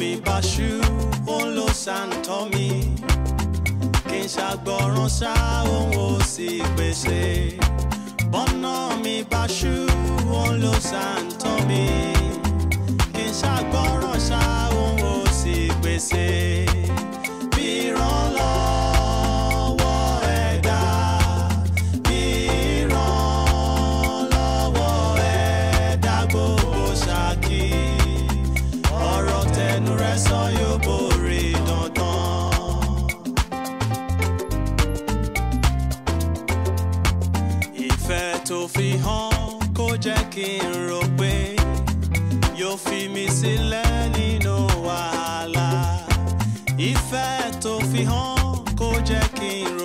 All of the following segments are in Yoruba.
mi bá ṣú ó ń lo sàǹtọ́ mi kì í ṣàgbọràn ṣá òun ò sì pèsè bọ́nà mi bá ṣú ó ń lo sàǹtọ́ mi. tó fi hàn kó jẹ́ kí n rò pé yóò fi mi sílẹ̀ nínú wàhálà ìfẹ́ tó fi hàn kó jẹ́ kí n rò.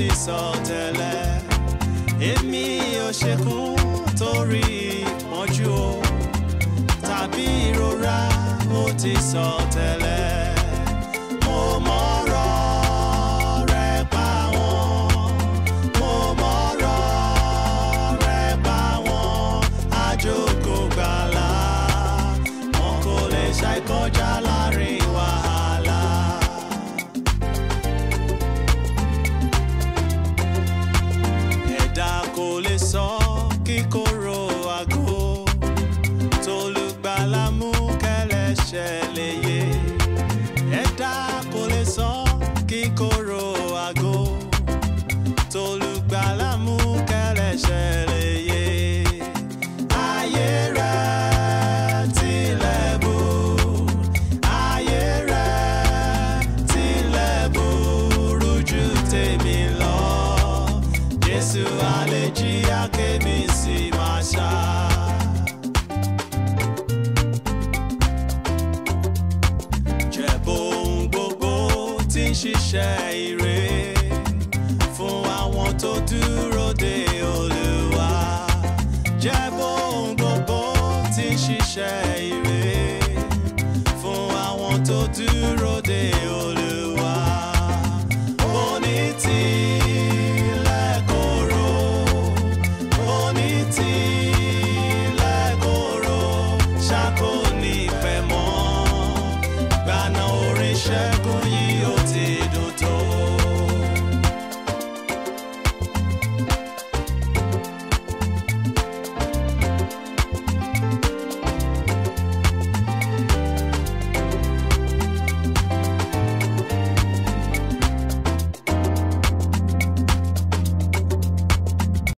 ti sọ tẹ́lẹ̀ èmi ò ṣekún torí ìpọ́njú o tàbí ìrora mo ti sọ tẹ́lẹ̀. kíkorò àgò tolùgbàlà mú kẹlẹ̀ṣẹ̀ lè yé ayé rẹ̀. Jésù àlejò akémi sí màṣá. ṣiṣẹ́ ire fún àwọn tó dúró de Olúwa jẹ́ bóun gbogbo ti ṣiṣẹ́ ire fún àwọn tó dúró de Olúwa.